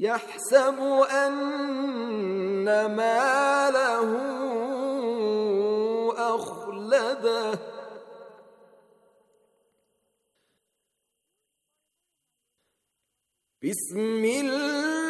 يحسب أن ماله أخلده بسم الله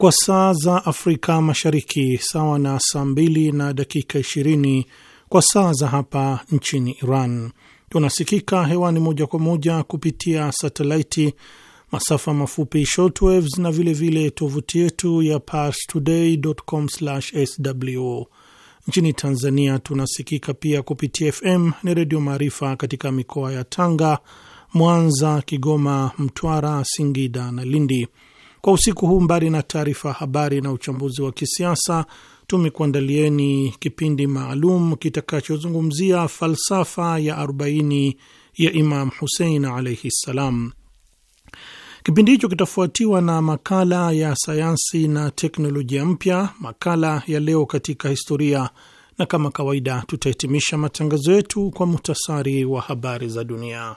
kwa saa za Afrika Mashariki, sawa na saa mbili na dakika 20 kwa saa za hapa nchini Iran. Tunasikika hewani moja kwa moja kupitia satelaiti, masafa mafupi shortwaves na vilevile tovuti yetu ya parstoday.com/sw. Nchini Tanzania tunasikika pia kupitia FM ni Redio Maarifa katika mikoa ya Tanga, Mwanza, Kigoma, Mtwara, Singida na Lindi. Kwa usiku huu, mbali na taarifa ya habari na uchambuzi wa kisiasa, tumekuandalieni kipindi maalum kitakachozungumzia falsafa ya arobaini ya Imam Husein alaihi ssalam. Kipindi hicho kitafuatiwa na makala ya sayansi na teknolojia mpya, makala ya leo katika historia, na kama kawaida tutahitimisha matangazo yetu kwa muhtasari wa habari za dunia.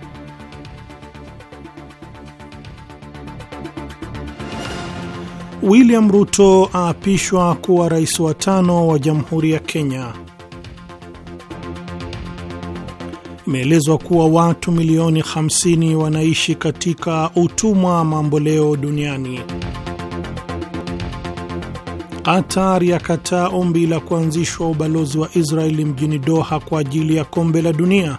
William Ruto aapishwa kuwa rais wa tano wa Jamhuri ya Kenya. Imeelezwa kuwa watu milioni 50 wanaishi katika utumwa mamboleo duniani. Qatar yakataa ombi la kuanzishwa ubalozi wa Israeli mjini Doha kwa ajili ya kombe la dunia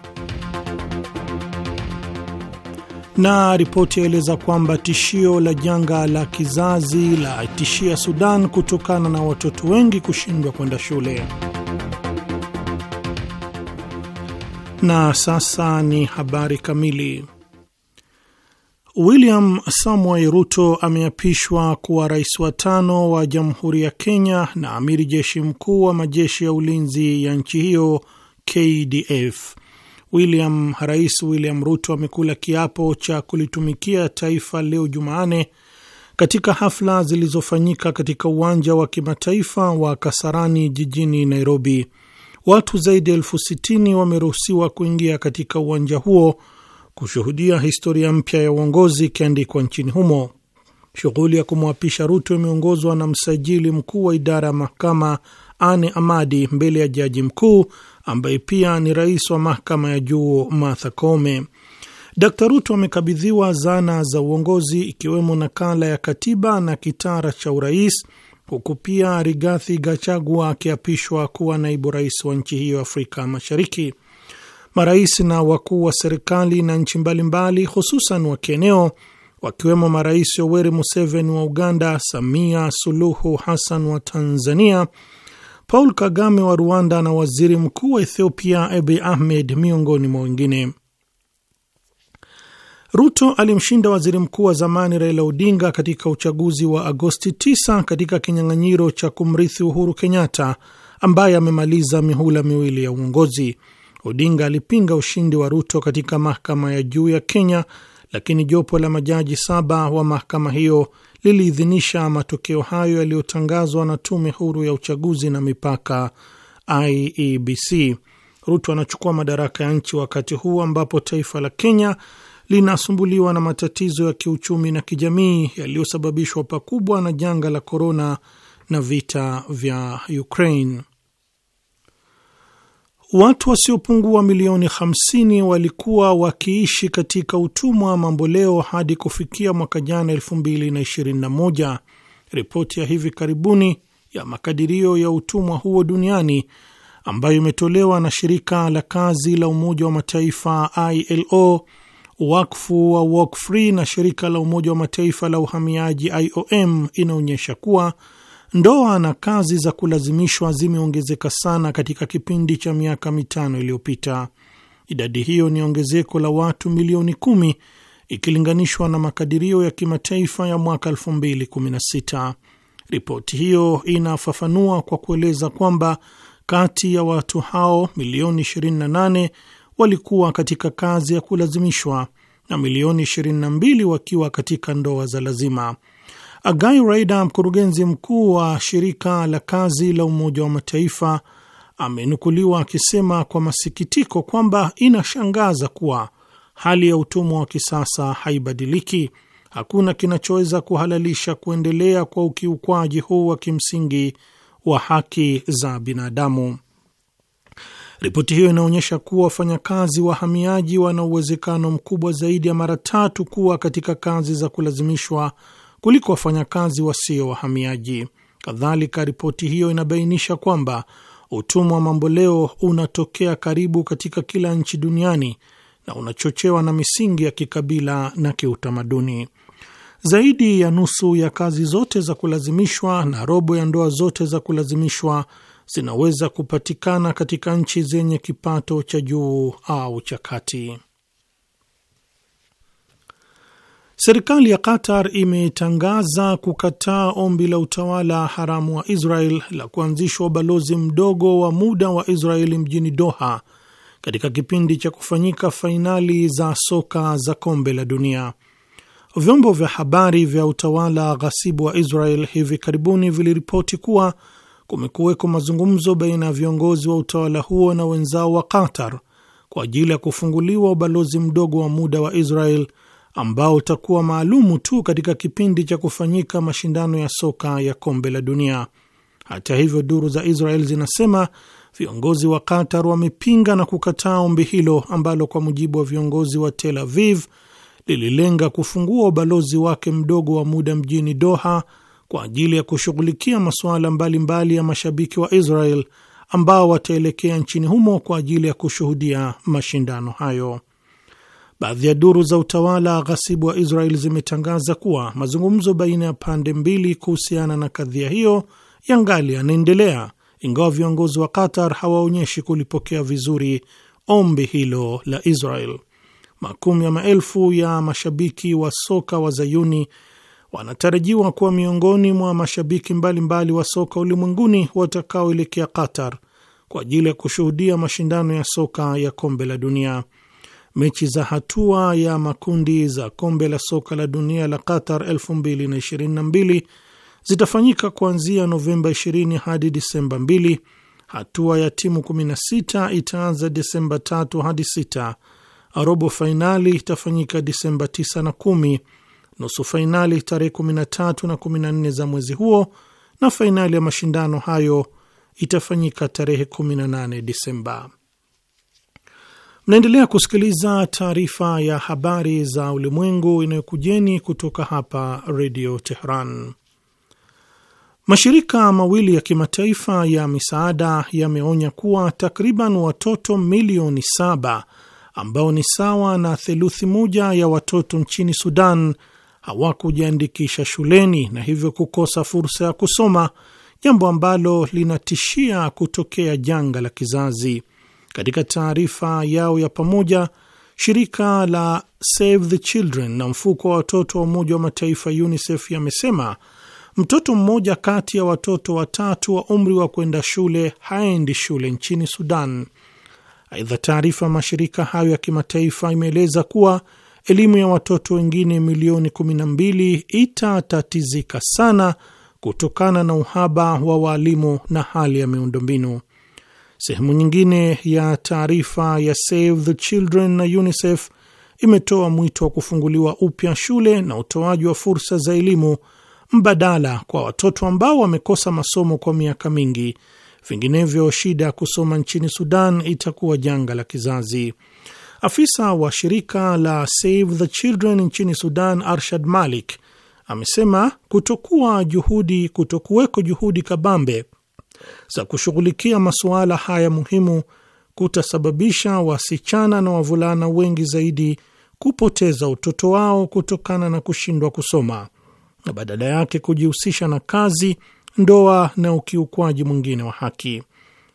na ripoti yaeleza kwamba tishio la janga la kizazi la tishia Sudan kutokana na watoto wengi kushindwa kwenda shule. Na sasa ni habari kamili. William Samoei Ruto ameapishwa kuwa rais wa tano wa Jamhuri ya Kenya na amiri jeshi mkuu wa majeshi ya ulinzi ya nchi hiyo KDF. William Rais William Ruto amekula kiapo cha kulitumikia taifa leo Jumanne katika hafla zilizofanyika katika uwanja wa kimataifa wa Kasarani jijini Nairobi. Watu zaidi ya elfu sitini wameruhusiwa kuingia katika uwanja huo kushuhudia historia mpya ya uongozi ikiandikwa nchini humo. Shughuli ya kumwapisha Ruto imeongozwa na msajili mkuu wa idara ya mahakama Ane Amadi mbele ya jaji mkuu ambaye pia ni rais wa mahakama ya juu Martha Koome. Dkt Ruto amekabidhiwa zana za uongozi ikiwemo nakala ya katiba na kitara cha urais, huku pia Rigathi Gachagua akiapishwa kuwa naibu rais wa nchi hiyo Afrika Mashariki. Marais na wakuu wa serikali na nchi mbalimbali, hususan wa kieneo, wakiwemo marais Yoweri Museveni wa Uganda, Samia Suluhu Hassan wa Tanzania Paul Kagame wa Rwanda na waziri mkuu wa Ethiopia Abiy Ahmed miongoni mwa wengine. Ruto alimshinda waziri mkuu wa zamani Raila Odinga katika uchaguzi wa Agosti 9 katika kinyang'anyiro cha kumrithi Uhuru Kenyatta ambaye amemaliza mihula miwili ya uongozi. Odinga alipinga ushindi wa Ruto katika mahakama ya juu ya Kenya, lakini jopo la majaji saba wa mahakama hiyo liliidhinisha matokeo hayo yaliyotangazwa na Tume Huru ya Uchaguzi na Mipaka, IEBC. Ruto anachukua madaraka ya nchi wakati huu ambapo taifa la Kenya linasumbuliwa na matatizo ya kiuchumi na kijamii yaliyosababishwa pakubwa na janga la korona na vita vya Ukraine watu wasiopungua milioni 50 walikuwa wakiishi katika utumwa mamboleo hadi kufikia mwaka jana 2021. Ripoti ya hivi karibuni ya makadirio ya utumwa huo duniani ambayo imetolewa na shirika la kazi la Umoja wa Mataifa ILO, wakfu wa Walk Free na shirika la Umoja wa Mataifa la uhamiaji IOM inaonyesha kuwa Ndoa na kazi za kulazimishwa zimeongezeka sana katika kipindi cha miaka mitano iliyopita. Idadi hiyo ni ongezeko la watu milioni kumi ikilinganishwa na makadirio ya kimataifa ya mwaka 2016. Ripoti hiyo inafafanua kwa kueleza kwamba kati ya watu hao milioni 28 walikuwa katika kazi ya kulazimishwa na milioni 22 wakiwa katika ndoa za lazima. Agai Raida, mkurugenzi mkuu wa shirika la kazi la Umoja wa Mataifa, amenukuliwa akisema kwa masikitiko kwamba inashangaza kuwa hali ya utumwa wa kisasa haibadiliki. Hakuna kinachoweza kuhalalisha kuendelea kwa ukiukwaji huu wa kimsingi wa haki za binadamu. Ripoti hiyo inaonyesha kuwa wafanyakazi wahamiaji wana uwezekano mkubwa zaidi ya mara tatu kuwa katika kazi za kulazimishwa kuliko wafanyakazi wasio wahamiaji. Kadhalika, ripoti hiyo inabainisha kwamba utumwa wa mamboleo unatokea karibu katika kila nchi duniani na unachochewa na misingi ya kikabila na kiutamaduni. Zaidi ya nusu ya kazi zote za kulazimishwa na robo ya ndoa zote za kulazimishwa zinaweza kupatikana katika nchi zenye kipato cha juu au cha kati. Serikali ya Qatar imetangaza kukataa ombi la utawala haramu wa Israel la kuanzishwa ubalozi mdogo wa muda wa Israeli mjini Doha katika kipindi cha kufanyika fainali za soka za kombe la dunia. Vyombo vya habari vya utawala ghasibu wa Israel hivi karibuni viliripoti kuwa kumekuweko mazungumzo baina ya viongozi wa utawala huo na wenzao wa Qatar kwa ajili ya kufunguliwa ubalozi mdogo wa muda wa Israel ambao utakuwa maalumu tu katika kipindi cha kufanyika mashindano ya soka ya kombe la dunia. Hata hivyo, duru za Israel zinasema viongozi wa Qatar wamepinga na kukataa ombi hilo ambalo kwa mujibu wa viongozi wa Tel Aviv lililenga kufungua ubalozi wake mdogo wa muda mjini Doha kwa ajili ya kushughulikia masuala mbalimbali ya mashabiki wa Israel ambao wataelekea nchini humo kwa ajili ya kushuhudia mashindano hayo. Baadhi ya duru za utawala ghasibu wa Israel zimetangaza kuwa mazungumzo baina ya pande mbili kuhusiana na kadhia hiyo yangali yanaendelea, ingawa viongozi wa Qatar hawaonyeshi kulipokea vizuri ombi hilo la Israel. Makumi ya maelfu ya mashabiki wa soka wa Zayuni wanatarajiwa kuwa miongoni mwa mashabiki mbalimbali mbali wa soka ulimwenguni watakaoelekea Qatar kwa ajili ya kushuhudia mashindano ya soka ya kombe la dunia mechi za hatua ya makundi za kombe la soka la dunia la Qatar 2022 zitafanyika kuanzia Novemba 20 hadi Disemba 2. Hatua ya timu 16 itaanza Disemba 3 hadi 6. Robo fainali itafanyika Disemba 9 na 10, nusu fainali tarehe 13 na 14 za mwezi huo, na fainali ya mashindano hayo itafanyika tarehe 18 Disemba. Mnaendelea kusikiliza taarifa ya habari za ulimwengu inayokujeni kutoka hapa Redio Tehran. Mashirika mawili ya kimataifa ya misaada yameonya kuwa takriban watoto milioni saba ambao ni sawa na theluthi moja ya watoto nchini Sudan hawakujiandikisha shuleni na hivyo kukosa fursa ya kusoma, jambo ambalo linatishia kutokea janga la kizazi. Katika taarifa yao ya pamoja, shirika la Save the Children na mfuko wa watoto wa Umoja wa Mataifa UNICEF yamesema mtoto mmoja kati ya watoto watatu wa umri wa kwenda shule haendi shule nchini Sudan. Aidha, taarifa mashirika hayo ya kimataifa imeeleza kuwa elimu ya watoto wengine milioni 12 itatatizika sana kutokana na uhaba wa waalimu na hali ya miundombinu. Sehemu nyingine ya taarifa ya Save the Children na UNICEF imetoa mwito wa kufunguliwa upya shule na utoaji wa fursa za elimu mbadala kwa watoto ambao wamekosa masomo kwa miaka mingi, vinginevyo shida ya kusoma nchini Sudan itakuwa janga la kizazi. Afisa wa shirika la Save the Children nchini Sudan, Arshad Malik, amesema kutokuwa juhudi, kutokuweko juhudi kabambe za kushughulikia masuala haya muhimu kutasababisha wasichana na wavulana wengi zaidi kupoteza utoto wao kutokana na kushindwa kusoma na badala yake kujihusisha na kazi, ndoa na ukiukwaji mwingine wa haki.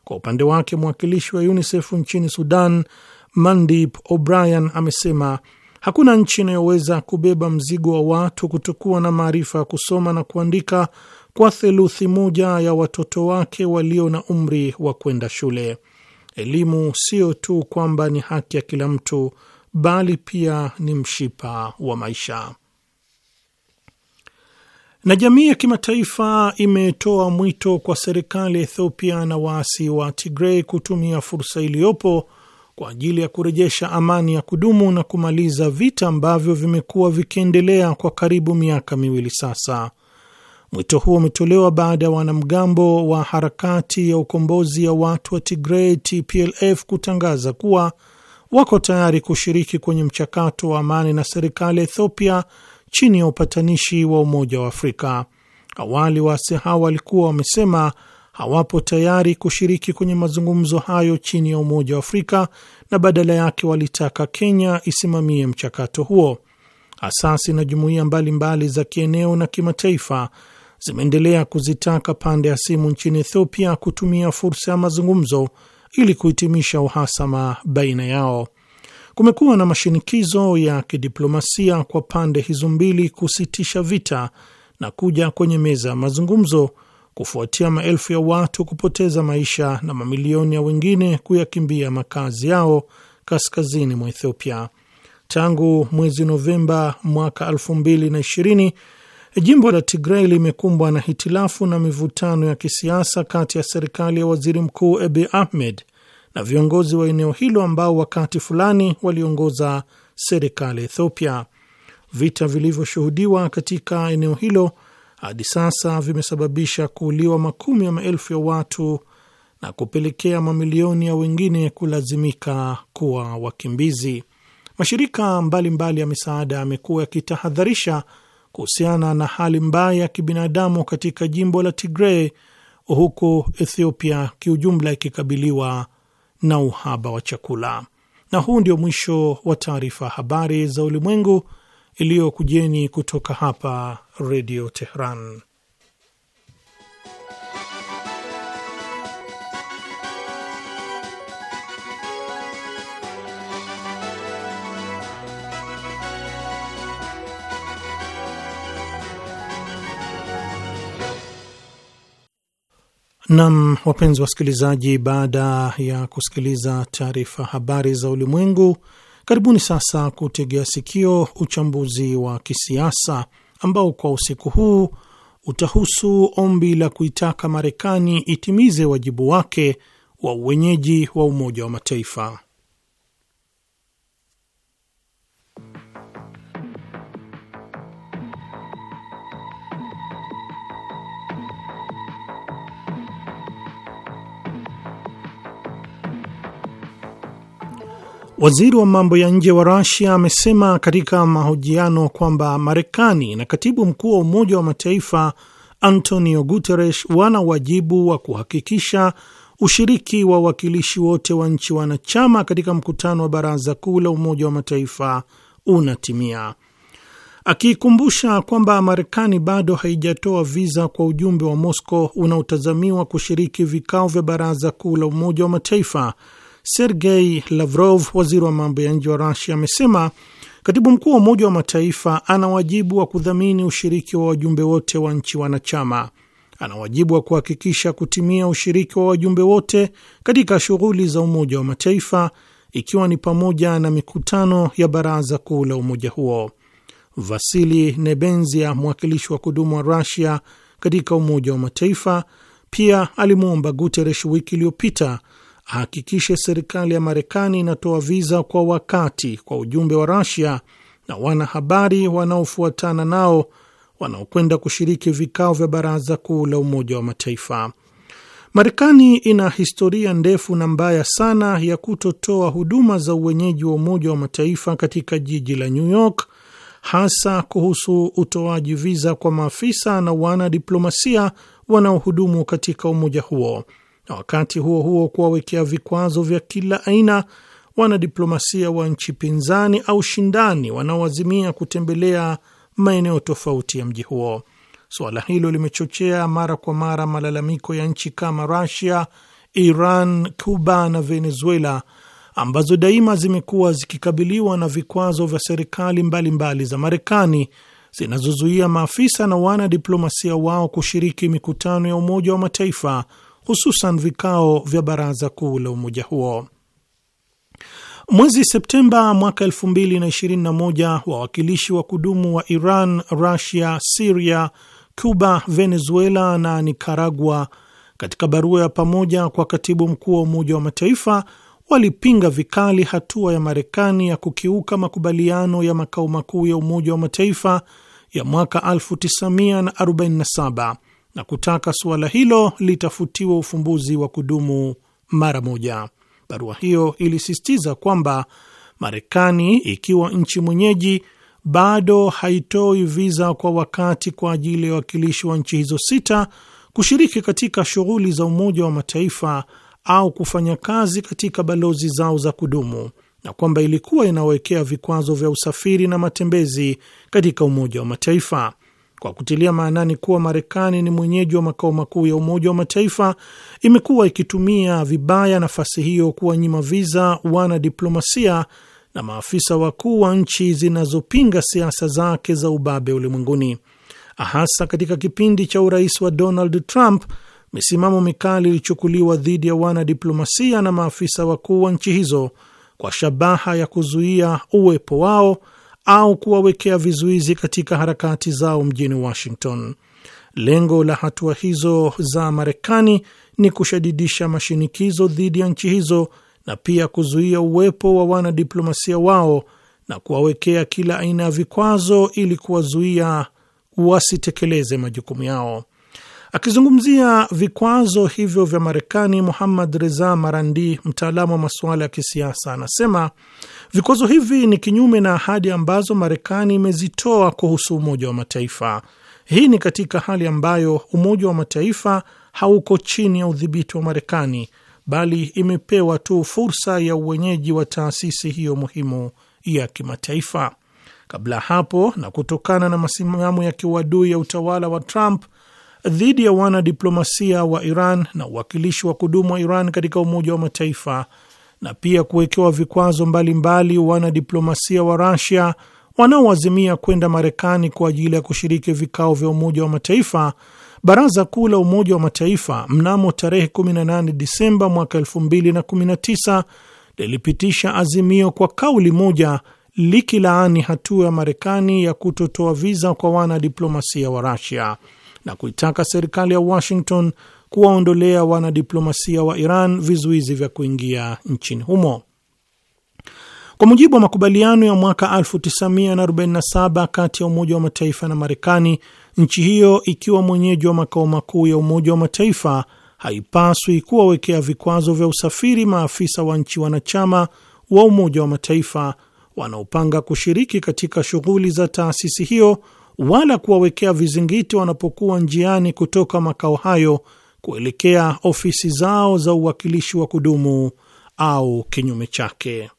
Kwa upande wake, mwakilishi wa UNICEF nchini Sudan, Mandip O'Brien, amesema hakuna nchi inayoweza kubeba mzigo wa watu kutokuwa na maarifa ya kusoma na kuandika kwa theluthi moja ya watoto wake walio na umri wa kwenda shule. Elimu siyo tu kwamba ni haki ya kila mtu, bali pia ni mshipa wa maisha. Na jamii ya kimataifa imetoa mwito kwa serikali ya Ethiopia na waasi wa Tigrei kutumia fursa iliyopo kwa ajili ya kurejesha amani ya kudumu na kumaliza vita ambavyo vimekuwa vikiendelea kwa karibu miaka miwili sasa. Mwito huo umetolewa baada ya wanamgambo wa harakati ya ukombozi ya watu wa Tigray TPLF kutangaza kuwa wako tayari kushiriki kwenye mchakato wa amani na serikali ya Ethiopia chini ya upatanishi wa Umoja wa Afrika. Awali waasi hao walikuwa wamesema hawapo tayari kushiriki kwenye mazungumzo hayo chini ya Umoja wa Afrika na badala yake walitaka Kenya isimamie mchakato huo. Asasi na jumuiya mbalimbali za kieneo na kimataifa zimeendelea kuzitaka pande ya simu nchini Ethiopia kutumia fursa ya mazungumzo ili kuhitimisha uhasama baina yao. Kumekuwa na mashinikizo ya kidiplomasia kwa pande hizo mbili kusitisha vita na kuja kwenye meza ya mazungumzo kufuatia maelfu ya watu kupoteza maisha na mamilioni ya wengine kuyakimbia makazi yao kaskazini mwa Ethiopia tangu mwezi Novemba mwaka 2020 Jimbo la tigrei limekumbwa na hitilafu na mivutano ya kisiasa kati ya serikali ya waziri mkuu Abiy Ahmed na viongozi wa eneo hilo ambao wakati fulani waliongoza serikali ya Ethiopia. Vita vilivyoshuhudiwa katika eneo hilo hadi sasa vimesababisha kuuliwa makumi ya maelfu ya watu na kupelekea mamilioni ya wengine kulazimika kuwa wakimbizi. Mashirika mbalimbali mbali ya misaada yamekuwa yakitahadharisha kuhusiana na hali mbaya ya kibinadamu katika jimbo la Tigray, huku Ethiopia kiujumla ikikabiliwa na uhaba wa chakula. Na huu ndio mwisho wa taarifa habari za ulimwengu iliyokujeni kutoka hapa Redio Tehran. Nam, wapenzi wasikilizaji, baada ya kusikiliza taarifa habari za ulimwengu, karibuni sasa kutegea sikio uchambuzi wa kisiasa ambao kwa usiku huu utahusu ombi la kuitaka Marekani itimize wajibu wake wa uwenyeji wa Umoja wa Mataifa. Waziri wa mambo ya nje wa Rasia amesema katika mahojiano kwamba Marekani na katibu mkuu wa Umoja wa Mataifa Antonio Guterres wana wajibu wa kuhakikisha ushiriki wa wakilishi wote wa nchi wanachama katika mkutano wa Baraza Kuu la Umoja wa Mataifa unatimia, akiikumbusha kwamba Marekani bado haijatoa viza kwa ujumbe wa Moscow unaotazamiwa kushiriki vikao vya Baraza Kuu la Umoja wa Mataifa. Sergei Lavrov, waziri wa mambo ya nje wa Rusia, amesema katibu mkuu wa Umoja wa Mataifa ana wajibu wa kudhamini ushiriki wa wajumbe wote wa nchi wanachama. Ana wajibu wa kuhakikisha kutimia ushiriki wa wajumbe wote katika shughuli za Umoja wa Mataifa, ikiwa ni pamoja na mikutano ya Baraza Kuu la umoja huo. Vasili Nebenzia, mwakilishi wa kudumu wa Rusia katika Umoja wa Mataifa, pia alimwomba Guteresh wiki iliyopita ahakikishe serikali ya Marekani inatoa viza kwa wakati kwa ujumbe wa Rasia na wanahabari wanaofuatana nao wanaokwenda kushiriki vikao vya Baraza Kuu la Umoja wa Mataifa. Marekani ina historia ndefu na mbaya sana ya kutotoa huduma za uwenyeji wa Umoja wa Mataifa katika jiji la New York, hasa kuhusu utoaji viza kwa maafisa na wanadiplomasia wanaohudumu katika umoja huo na wakati huo huo kuwawekea vikwazo vya kila aina wanadiplomasia wa nchi pinzani au shindani wanaoazimia kutembelea maeneo tofauti ya mji huo. Suala hilo limechochea mara kwa mara malalamiko ya nchi kama rasia Iran, Cuba na Venezuela ambazo daima zimekuwa zikikabiliwa na vikwazo vya serikali mbalimbali za Marekani zinazozuia maafisa na wanadiplomasia wao kushiriki mikutano ya Umoja wa Mataifa hususan vikao vya baraza kuu la umoja huo. Mwezi Septemba mwaka 2021 wawakilishi wa kudumu wa Iran, Rusia, Siria, Cuba, Venezuela na Nicaragua katika barua ya pamoja kwa katibu mkuu wa Umoja wa Mataifa walipinga vikali hatua ya Marekani ya kukiuka makubaliano ya makao makuu ya Umoja wa Mataifa ya mwaka 1947 na kutaka suala hilo litafutiwa ufumbuzi wa kudumu mara moja. Barua hiyo ilisisitiza kwamba Marekani, ikiwa nchi mwenyeji, bado haitoi viza kwa wakati kwa ajili ya wakilishi wa nchi hizo sita kushiriki katika shughuli za Umoja wa Mataifa au kufanya kazi katika balozi zao za kudumu na kwamba ilikuwa inawekea vikwazo vya usafiri na matembezi katika Umoja wa Mataifa kwa kutilia maanani kuwa Marekani ni mwenyeji wa makao makuu ya Umoja wa Mataifa, imekuwa ikitumia vibaya nafasi hiyo kuwanyima viza wanadiplomasia na maafisa wakuu wa nchi zinazopinga siasa zake za ubabe ulimwenguni, hasa katika kipindi cha urais wa Donald Trump. Misimamo mikali ilichukuliwa dhidi ya wanadiplomasia na maafisa wakuu wa nchi hizo kwa shabaha ya kuzuia uwepo wao au kuwawekea vizuizi katika harakati zao mjini Washington. Lengo la hatua hizo za Marekani ni kushadidisha mashinikizo dhidi ya nchi hizo na pia kuzuia uwepo wa wanadiplomasia wao na kuwawekea kila aina ya vikwazo ili kuwazuia wasitekeleze majukumu yao. Akizungumzia vikwazo hivyo vya Marekani, Muhammad Reza Marandi, mtaalamu wa masuala ya kisiasa, anasema vikwazo hivi ni kinyume na ahadi ambazo Marekani imezitoa kuhusu Umoja wa Mataifa. Hii ni katika hali ambayo Umoja wa Mataifa hauko chini ya udhibiti wa Marekani, bali imepewa tu fursa ya uwenyeji wa taasisi hiyo muhimu ya kimataifa. Kabla hapo, na kutokana na masimamo ya kiuadui ya utawala wa Trump dhidi ya wanadiplomasia wa Iran na uwakilishi wa kudumu wa Iran katika Umoja wa Mataifa na pia kuwekewa vikwazo mbalimbali wanadiplomasia wa Rasia wanaoazimia kwenda Marekani kwa ajili ya kushiriki vikao vya Umoja wa Mataifa. Baraza Kuu la Umoja wa Mataifa mnamo tarehe 18 Disemba mwaka 2019 lilipitisha azimio kwa kauli moja likilaani hatua ya Marekani ya kutotoa viza kwa wanadiplomasia wa Rasia na kuitaka serikali ya Washington kuwaondolea wanadiplomasia wa Iran vizuizi vya kuingia nchini humo. Kwa mujibu wa makubaliano ya mwaka 1947 kati ya Umoja wa Mataifa na Marekani, nchi hiyo ikiwa mwenyeji wa makao makuu ya Umoja wa Mataifa haipaswi kuwawekea vikwazo vya usafiri maafisa wa nchi wanachama wa Umoja wa Mataifa wanaopanga kushiriki katika shughuli za taasisi hiyo wala kuwawekea vizingiti wanapokuwa njiani kutoka makao hayo kuelekea ofisi zao za uwakilishi wa kudumu au kinyume chake.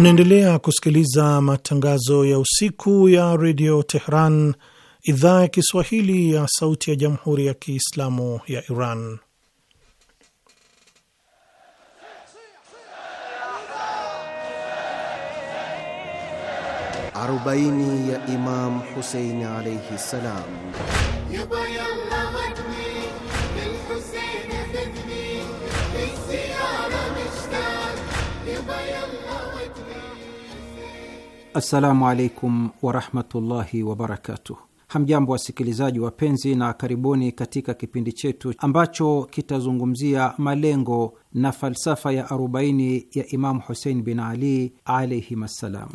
Mnaendelea kusikiliza matangazo ya usiku ya redio Tehran, idhaa ya Kiswahili ya sauti ya jamhuri ya Kiislamu ya Iran. Arobaini ya Imam Husein alaihi salam. Assalamu alaikum warahmatullahi wabarakatuh. Hamjambo wasikilizaji wapenzi, na karibuni katika kipindi chetu ambacho kitazungumzia malengo na falsafa ya 40 ya Imamu Husein bin Ali alaihim assalam.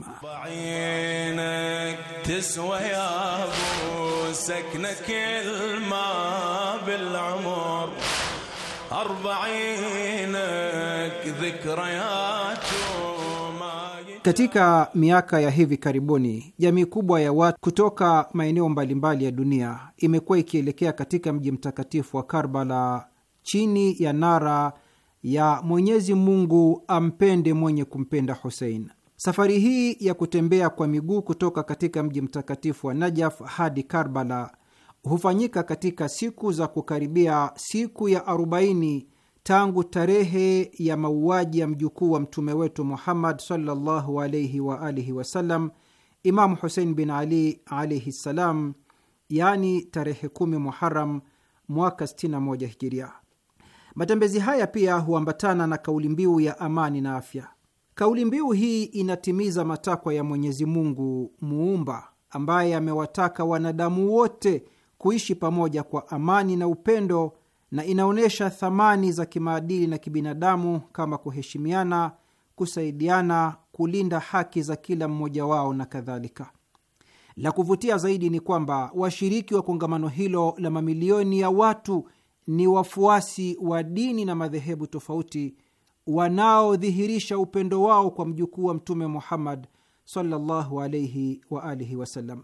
Katika miaka ya hivi karibuni, jamii kubwa ya watu kutoka maeneo mbalimbali ya dunia imekuwa ikielekea katika mji mtakatifu wa Karbala chini ya nara ya Mwenyezi Mungu ampende mwenye kumpenda Husein. Safari hii ya kutembea kwa miguu kutoka katika mji mtakatifu wa Najaf hadi Karbala hufanyika katika siku za kukaribia siku ya arobaini tangu tarehe ya mauaji ya mjukuu wa mtume wetu Muhammad sallallahu alaihi wa alihi wasallam, Imamu Husein bin Ali alaihi ssalam, yani tarehe kumi Muharam mwaka 61 Hijiria. Matembezi haya pia huambatana na kauli mbiu ya amani na afya. Kauli mbiu hii inatimiza matakwa ya Mwenyezi Mungu Muumba, ambaye amewataka wanadamu wote kuishi pamoja kwa amani na upendo na inaonyesha thamani za kimaadili na kibinadamu kama kuheshimiana, kusaidiana, kulinda haki za kila mmoja wao na kadhalika. La kuvutia zaidi ni kwamba washiriki wa kongamano hilo la mamilioni ya watu ni wafuasi wa dini na madhehebu tofauti wanaodhihirisha upendo wao kwa mjukuu wa Mtume Muhammad sallallahu alaihi wa alihi wasallam.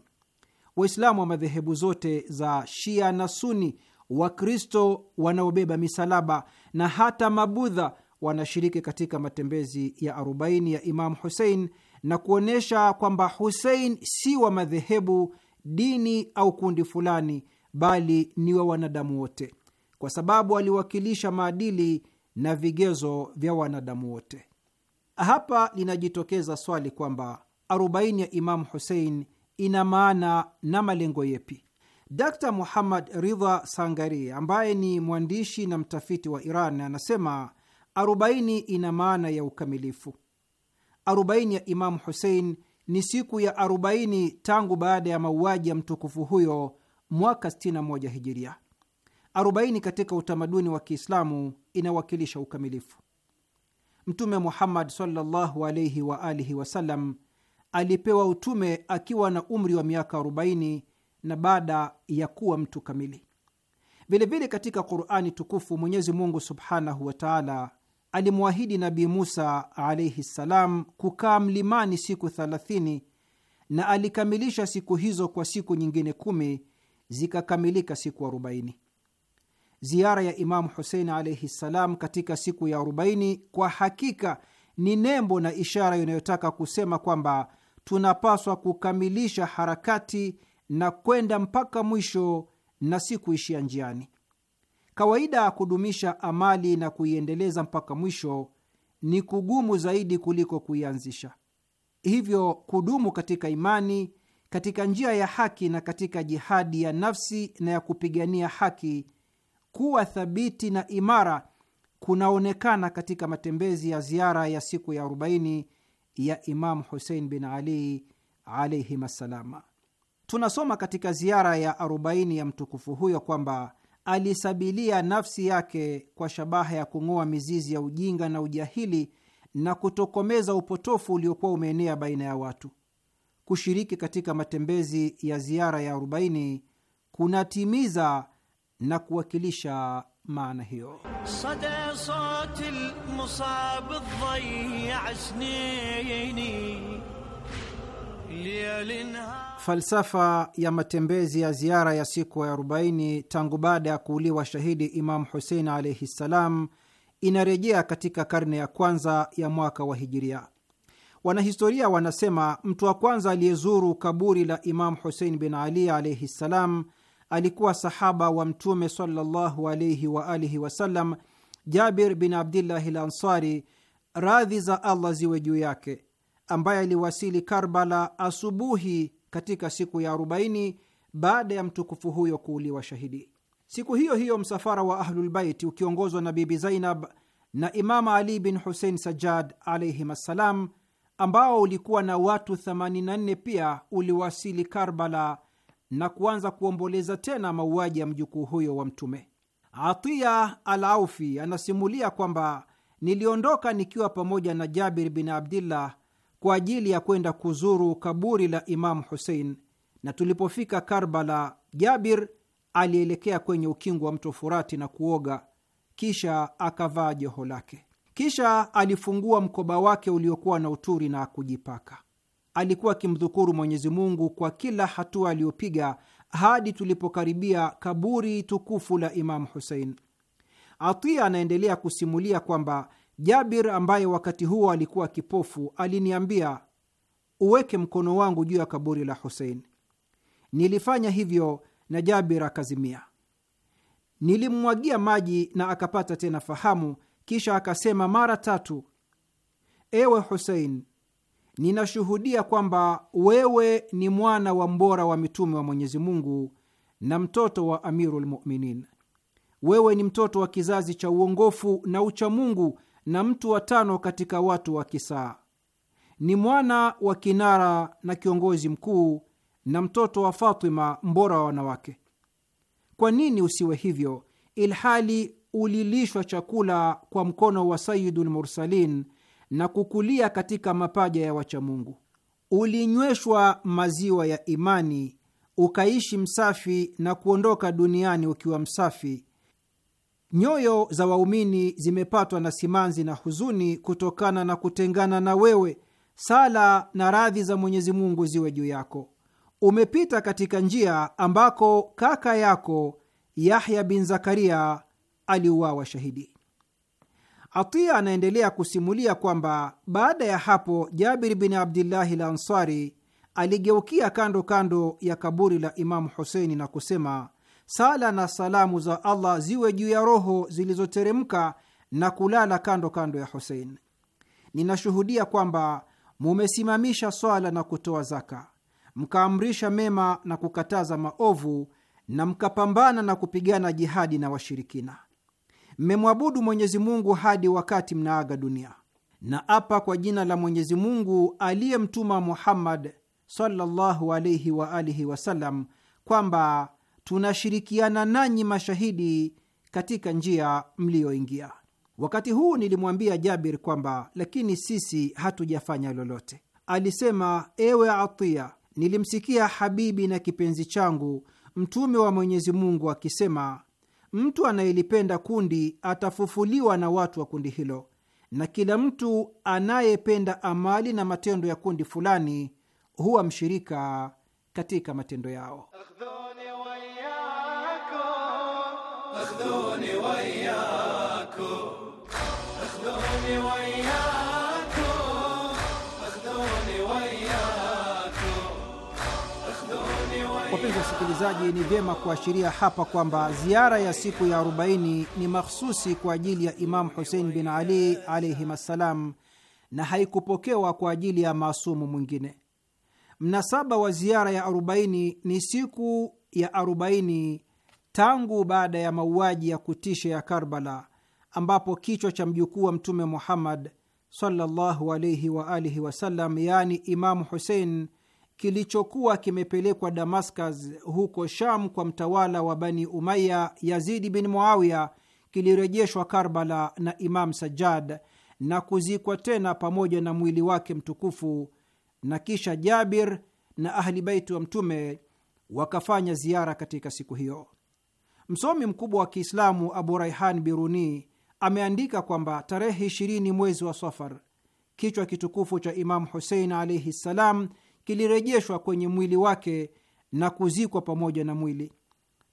Waislamu wa madhehebu zote za Shia na Suni Wakristo wanaobeba misalaba na hata Mabudha wanashiriki katika matembezi ya arobaini ya Imamu Husein na kuonyesha kwamba Husein si wa madhehebu, dini au kundi fulani, bali ni wa wanadamu wote, kwa sababu aliwakilisha maadili na vigezo vya wanadamu wote. Hapa linajitokeza swali kwamba arobaini ya Imamu Husein ina maana na malengo yepi? Dr Muhammad Ridha Sangari, ambaye ni mwandishi na mtafiti wa Iran, anasema arobaini ina maana ya ukamilifu. Arobaini ya Imamu Husein ni siku ya arobaini tangu baada ya mauaji ya mtukufu huyo mwaka 61 Hijiria. Arobaini katika utamaduni wa Kiislamu inawakilisha ukamilifu. Mtume Muhammad sallallahu alaihi wa alihi wasallam alipewa utume akiwa na umri wa miaka arobaini na baada ya kuwa mtu kamili. Vilevile katika Qurani tukufu Mwenyezi Mungu subhanahu wa taala alimwahidi Nabii Musa alaihi ssalam kukaa mlimani siku thalathini na alikamilisha siku hizo kwa siku nyingine kumi zikakamilika siku arobaini. Ziara ya Imamu Husein alaihi ssalam katika siku ya arobaini kwa hakika ni nembo na ishara inayotaka kusema kwamba tunapaswa kukamilisha harakati na kwenda mpaka mwisho na si kuishia njiani. Kawaida ya kudumisha amali na kuiendeleza mpaka mwisho ni kugumu zaidi kuliko kuianzisha. Hivyo kudumu katika imani, katika njia ya haki na katika jihadi ya nafsi na ya kupigania haki, kuwa thabiti na imara kunaonekana katika matembezi ya ziara ya siku ya 40 ya Imamu Husein bin Ali alaihim assalama. Tunasoma katika ziara ya 40 ya mtukufu huyo kwamba alisabilia nafsi yake kwa shabaha ya kung'oa mizizi ya ujinga na ujahili na kutokomeza upotofu uliokuwa umeenea baina ya watu. Kushiriki katika matembezi ya ziara ya 40 kunatimiza na kuwakilisha maana hiyo. Falsafa ya matembezi ya ziara ya siku ya 40 tangu baada ya kuuliwa shahidi Imamu Husein alaihi ssalam inarejea katika karne ya kwanza ya mwaka wa Hijiria. Wanahistoria wanasema mtu wa kwanza aliyezuru kaburi la Imamu Husein bin Ali alaihi ssalam alikuwa sahaba wa Mtume sallallahu alaihi waalihi wasallam, Jabir bin Abdillahi Lansari, Ansari, radhi za Allah ziwe juu yake ambaye aliwasili Karbala asubuhi katika siku ya 40 baada ya mtukufu huyo kuuliwa shahidi. Siku hiyo hiyo msafara wa Ahlulbaiti ukiongozwa na Bibi Zainab na Imama Ali bin Husein Sajjad alaihim assalam, ambao ulikuwa na watu 84 pia uliwasili Karbala na kuanza kuomboleza tena mauaji ya mjukuu huyo wa Mtume. Atiya al Aufi anasimulia kwamba niliondoka nikiwa pamoja na Jabir bin Abdillah kwa ajili ya kwenda kuzuru kaburi la Imamu Husein, na tulipofika Karbala, Jabir alielekea kwenye ukingo wa mto Furati na kuoga, kisha akavaa joho lake. Kisha alifungua mkoba wake uliokuwa na uturi na kujipaka. Alikuwa akimdhukuru Mwenyezi Mungu kwa kila hatua aliyopiga hadi tulipokaribia kaburi tukufu la Imamu Husein. Atia anaendelea kusimulia kwamba Jabir ambaye wakati huo alikuwa kipofu aliniambia, uweke mkono wangu juu ya kaburi la Husein. Nilifanya hivyo na Jabir akazimia. Nilimmwagia maji na akapata tena fahamu, kisha akasema mara tatu, ewe Husein, ninashuhudia kwamba wewe ni mwana wa mbora wa mitume wa Mwenyezi Mungu na mtoto wa Amirul Muminin. Wewe ni mtoto wa kizazi cha uongofu na uchamungu na mtu wa tano katika watu wa Kisaa. Ni mwana wa kinara na kiongozi mkuu na mtoto wa Fatima, mbora wa wanawake. Kwa nini usiwe hivyo, ilhali ulilishwa chakula kwa mkono wa Sayidul Mursalin na kukulia katika mapaja ya wachamungu? Ulinyweshwa maziwa ya imani, ukaishi msafi na kuondoka duniani ukiwa msafi Nyoyo za waumini zimepatwa na simanzi na huzuni kutokana na kutengana na wewe. Sala na radhi za Mwenyezi Mungu ziwe juu yako. Umepita katika njia ambako kaka yako Yahya bin Zakaria aliuawa shahidi. Atia anaendelea kusimulia kwamba baada ya hapo Jabiri bin Abdillahi la Ansari aligeukia kando kando ya kaburi la Imamu Huseini na kusema Sala na salamu za Allah ziwe juu ya roho zilizoteremka na kulala kando kando ya Husein. Ninashuhudia kwamba mumesimamisha swala na kutoa zaka, mkaamrisha mema na kukataza maovu, na mkapambana na kupigana jihadi na washirikina. Mmemwabudu Mwenyezi Mungu hadi wakati mnaaga dunia. Na apa kwa jina la Mwenyezi Mungu aliyemtuma Muhammad sallallahu alaihi wa alihi wasallam kwamba tunashirikiana nanyi mashahidi katika njia mliyoingia. Wakati huu nilimwambia Jabir kwamba lakini sisi hatujafanya lolote. Alisema, ewe Atia, nilimsikia habibi na kipenzi changu Mtume wa Mwenyezi Mungu akisema, mtu anayelipenda kundi atafufuliwa na watu wa kundi hilo, na kila mtu anayependa amali na matendo ya kundi fulani huwa mshirika katika matendo yao. Wapenzi wasikilizaji, ni vyema kuashiria hapa kwamba ziara ya siku ya 40 ni mahsusi kwa ajili ya Imamu Husein bin Ali alaihim assalam na haikupokewa kwa ajili ya maasumu mwingine. Mnasaba wa ziara ya 40 ni siku ya 40 tangu baada ya mauaji ya kutisha ya Karbala, ambapo kichwa cha mjukuu wa Mtume Muhammad sallallahu alayhi wa alihi wasallam, yaani Imamu Husein, kilichokuwa kimepelekwa Damascus huko Sham kwa mtawala wa Bani Umaya Yazidi bin Muawiya kilirejeshwa Karbala na Imam Sajjad na kuzikwa tena pamoja na mwili wake mtukufu, na kisha Jabir na Ahli Baiti wa Mtume wakafanya ziara katika siku hiyo. Msomi mkubwa wa Kiislamu Abu Raihan Biruni ameandika kwamba tarehe 20 mwezi wa Safar, kichwa kitukufu cha Imamu Husein alaihi ssalam kilirejeshwa kwenye mwili wake na kuzikwa pamoja na mwili,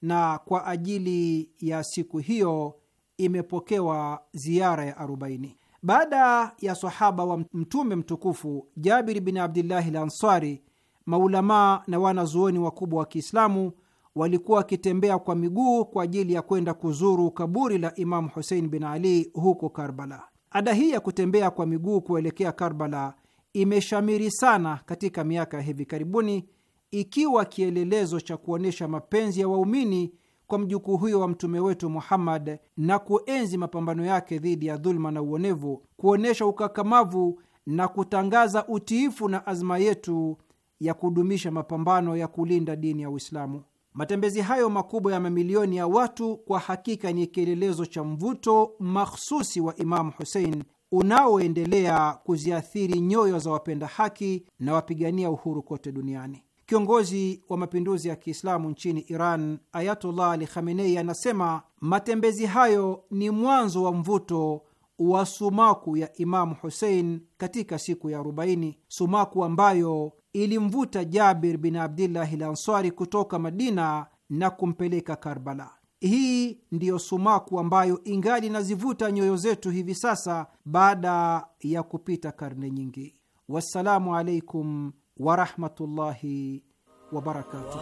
na kwa ajili ya siku hiyo imepokewa ziara ya arobaini baada ya sahaba wa Mtume mtukufu Jabiri bin Abdillahi Lansari. Maulamaa na wanazuoni wakubwa wa Kiislamu walikuwa wakitembea kwa miguu kwa ajili ya kwenda kuzuru kaburi la Imamu Husein bin Ali huko Karbala. Ada hii ya kutembea kwa miguu kuelekea Karbala imeshamiri sana katika miaka ya hivi karibuni, ikiwa kielelezo cha kuonyesha mapenzi ya waumini kwa mjukuu huyo wa mtume wetu Muhammad na kuenzi mapambano yake dhidi ya dhuluma na uonevu, kuonyesha ukakamavu na kutangaza utiifu na azma yetu ya kudumisha mapambano ya kulinda dini ya Uislamu. Matembezi hayo makubwa ya mamilioni ya watu kwa hakika ni kielelezo cha mvuto mahsusi wa Imamu Husein unaoendelea kuziathiri nyoyo za wapenda haki na wapigania uhuru kote duniani. Kiongozi wa mapinduzi ya Kiislamu nchini Iran, Ayatullah Ali Khamenei, anasema matembezi hayo ni mwanzo wa mvuto wa sumaku ya Imamu Husein katika siku ya arobaini, sumaku ambayo ilimvuta Jabir bin Abdillahi Lanswari kutoka Madina na kumpeleka Karbala. Hii ndiyo sumaku ambayo ingali inazivuta nyoyo zetu hivi sasa baada ya kupita karne nyingi. Wassalamu alaikum warahmatullahi wabarakatuh.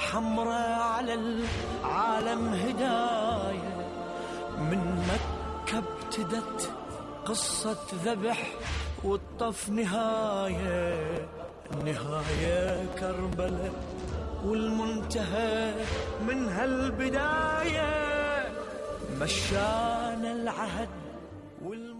حمرة على العالم هداية من مكة ابتدت قصة ذبح والطف نهاية النهاية كربلة والمنتهى من هالبداية مشانا العهد والم...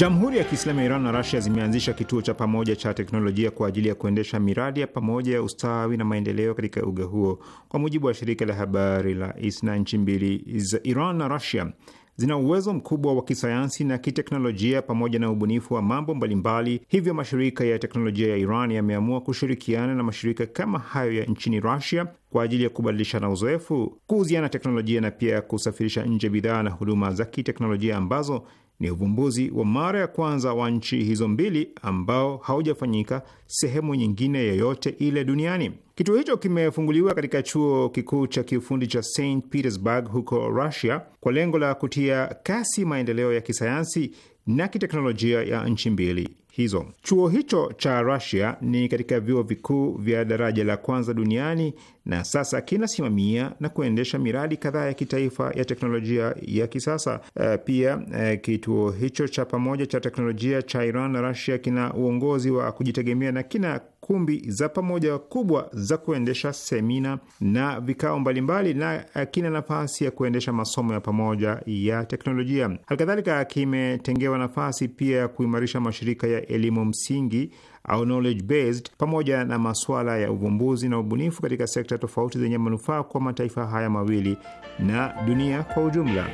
Jamhuri ya Kiislamu ya Iran na Rasia zimeanzisha kituo cha pamoja cha teknolojia kwa ajili ya kuendesha miradi ya pamoja ya ustawi na maendeleo katika uga huo. Kwa mujibu wa shirika la habari la ISNA, nchi mbili za Iran na Rasia zina uwezo mkubwa wa kisayansi na kiteknolojia pamoja na ubunifu wa mambo mbalimbali. Hivyo mashirika ya teknolojia ya Iran yameamua kushirikiana na mashirika kama hayo ya nchini Rasia kwa ajili ya kubadilishana uzoefu, kuuziana teknolojia na pia kusafirisha nje bidhaa na huduma za kiteknolojia ambazo ni uvumbuzi wa mara ya kwanza wa nchi hizo mbili ambao haujafanyika sehemu nyingine yoyote ile duniani. Kituo hicho kimefunguliwa katika chuo kikuu cha kiufundi cha St Petersburg huko Russia kwa lengo la kutia kasi maendeleo ya kisayansi na kiteknolojia ya nchi mbili hizo. Chuo hicho cha Russia ni katika vyuo vikuu vya daraja la kwanza duniani na sasa kinasimamia na kuendesha miradi kadhaa ya kitaifa ya teknolojia ya kisasa. Eh, pia eh, kituo hicho cha pamoja cha teknolojia cha Iran na Russia kina uongozi wa kujitegemea na kina kumbi za pamoja kubwa za kuendesha semina na vikao mbalimbali, na kina nafasi ya kuendesha masomo ya pamoja ya teknolojia. Halikadhalika, kimetengewa nafasi pia ya kuimarisha mashirika ya elimu msingi au knowledge based pamoja na masuala ya uvumbuzi na ubunifu katika sekta tofauti zenye manufaa kwa mataifa haya mawili na dunia kwa ujumla.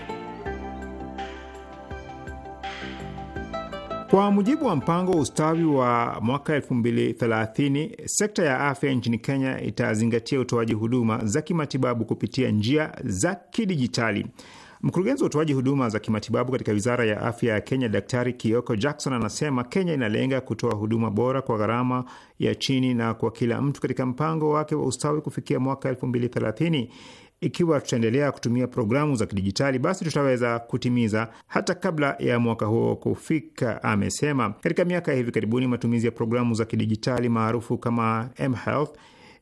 Kwa mujibu wa mpango wa ustawi wa mwaka 2030 sekta ya afya nchini Kenya itazingatia utoaji huduma za kimatibabu kupitia njia za kidijitali. Mkurugenzi wa utoaji huduma za kimatibabu katika wizara ya afya ya Kenya, Daktari Kioko Jackson, anasema Kenya inalenga kutoa huduma bora kwa gharama ya chini na kwa kila mtu katika mpango wake wa ustawi kufikia mwaka 2030 ikiwa tutaendelea kutumia programu za kidijitali, basi tutaweza kutimiza hata kabla ya mwaka huo kufika, amesema. Katika miaka ya hivi karibuni, matumizi ya programu za kidijitali maarufu kama mHealth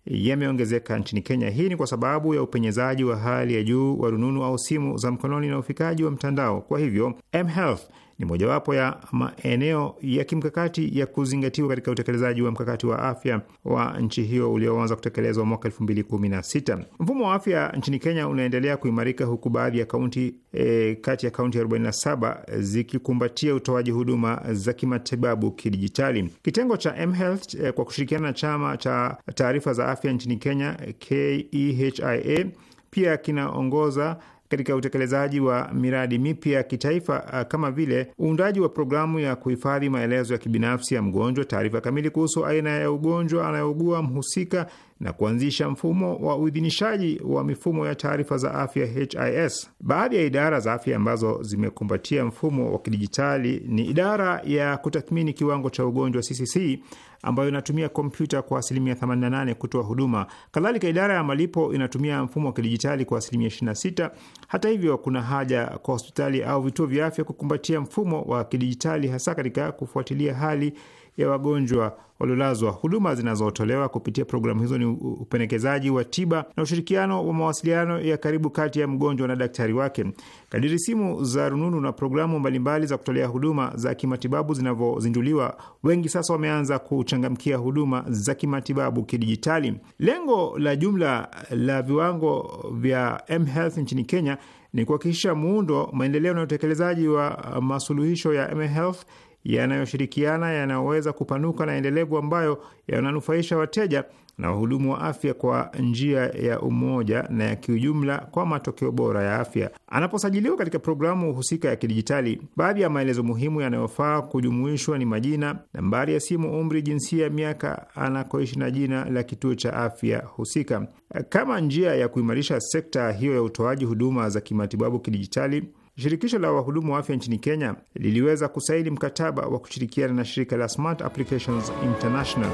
yameongezeka nchini Kenya. Hii ni kwa sababu ya upenyezaji wa hali ya juu wa rununu au simu za mkononi na ufikaji wa mtandao. Kwa hivyo mHealth ni mojawapo ya maeneo ya kimkakati ya kuzingatiwa katika utekelezaji wa mkakati wa afya wa nchi hiyo ulioanza kutekelezwa mwaka elfu mbili kumi na sita. Mfumo wa afya nchini Kenya unaendelea kuimarika huku baadhi ya kaunti e, kati ya kaunti 47 zikikumbatia utoaji huduma za kimatibabu kidijitali. Kitengo cha mHealth e, kwa kushirikiana na chama cha taarifa za afya nchini Kenya KEHIA pia kinaongoza katika utekelezaji wa miradi mipya ya kitaifa uh, kama vile uundaji wa programu ya kuhifadhi maelezo ya kibinafsi ya mgonjwa, taarifa kamili kuhusu aina ya ugonjwa anayougua mhusika, na kuanzisha mfumo wa uidhinishaji wa mifumo ya taarifa za afya HIS. Baadhi ya idara za afya ambazo zimekumbatia mfumo wa kidijitali ni idara ya kutathmini kiwango cha ugonjwa CCC ambayo inatumia kompyuta kwa asilimia 88 kutoa huduma. Kadhalika, idara ya malipo inatumia mfumo wa kidijitali kwa asilimia 26. Hata hivyo, kuna haja kwa hospitali au vituo vya afya kukumbatia mfumo wa kidijitali hasa katika kufuatilia hali ya wagonjwa waliolazwa. Huduma zinazotolewa kupitia programu hizo ni upendekezaji wa tiba na ushirikiano wa mawasiliano ya karibu kati ya mgonjwa na daktari wake. Kadiri simu za rununu na programu mbalimbali za kutolea huduma za kimatibabu zinavyozinduliwa, wengi sasa wameanza kuchangamkia huduma za kimatibabu kidijitali. Lengo la jumla la viwango vya mHealth nchini Kenya ni kuhakikisha muundo, maendeleo na utekelezaji wa masuluhisho ya mHealth yanayoshirikiana yanayoweza kupanuka na endelevu ambayo yananufaisha wateja na wahudumu wa afya kwa njia ya umoja na ya kiujumla kwa matokeo bora ya afya. Anaposajiliwa katika programu husika ya kidijitali, baadhi ya maelezo muhimu yanayofaa kujumuishwa ni majina, nambari ya simu, umri, jinsia, miaka anakoishi na jina la kituo cha afya husika. Kama njia ya kuimarisha sekta hiyo ya utoaji huduma za kimatibabu kidijitali Shirikisho la wahudumu wa afya nchini Kenya liliweza kusaini mkataba wa kushirikiana na shirika la Smart Applications International.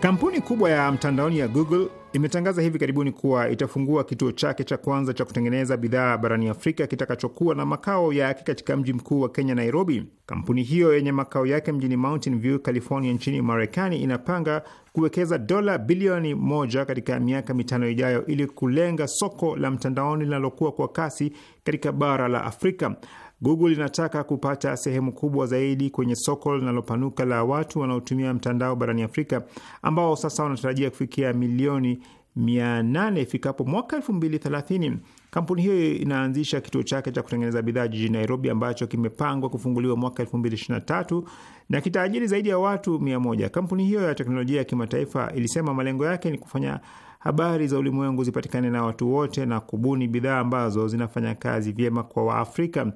Kampuni kubwa ya mtandaoni ya Google imetangaza hivi karibuni kuwa itafungua kituo chake cha kwanza cha kutengeneza bidhaa barani Afrika kitakachokuwa na makao yake katika mji mkuu wa Kenya, Nairobi. Kampuni hiyo yenye makao yake mjini Mountain View, California, nchini Marekani inapanga kuwekeza dola bilioni moja katika miaka mitano ijayo ili kulenga soko la mtandaoni linalokuwa kwa kasi katika bara la Afrika. Google inataka kupata sehemu kubwa zaidi kwenye soko linalopanuka la watu wanaotumia mtandao barani Afrika, ambao sasa wanatarajia kufikia milioni 800 ifikapo mwaka 2030. Kampuni hiyo inaanzisha kituo chake cha kutengeneza bidhaa jijini Nairobi ambacho kimepangwa kufunguliwa mwaka 2023 na kitaajiri zaidi ya watu 100. Kampuni hiyo ya teknolojia ya kimataifa ilisema malengo yake ni kufanya habari za ulimwengu zipatikane na watu wote na kubuni bidhaa ambazo zinafanya kazi vyema kwa Waafrika.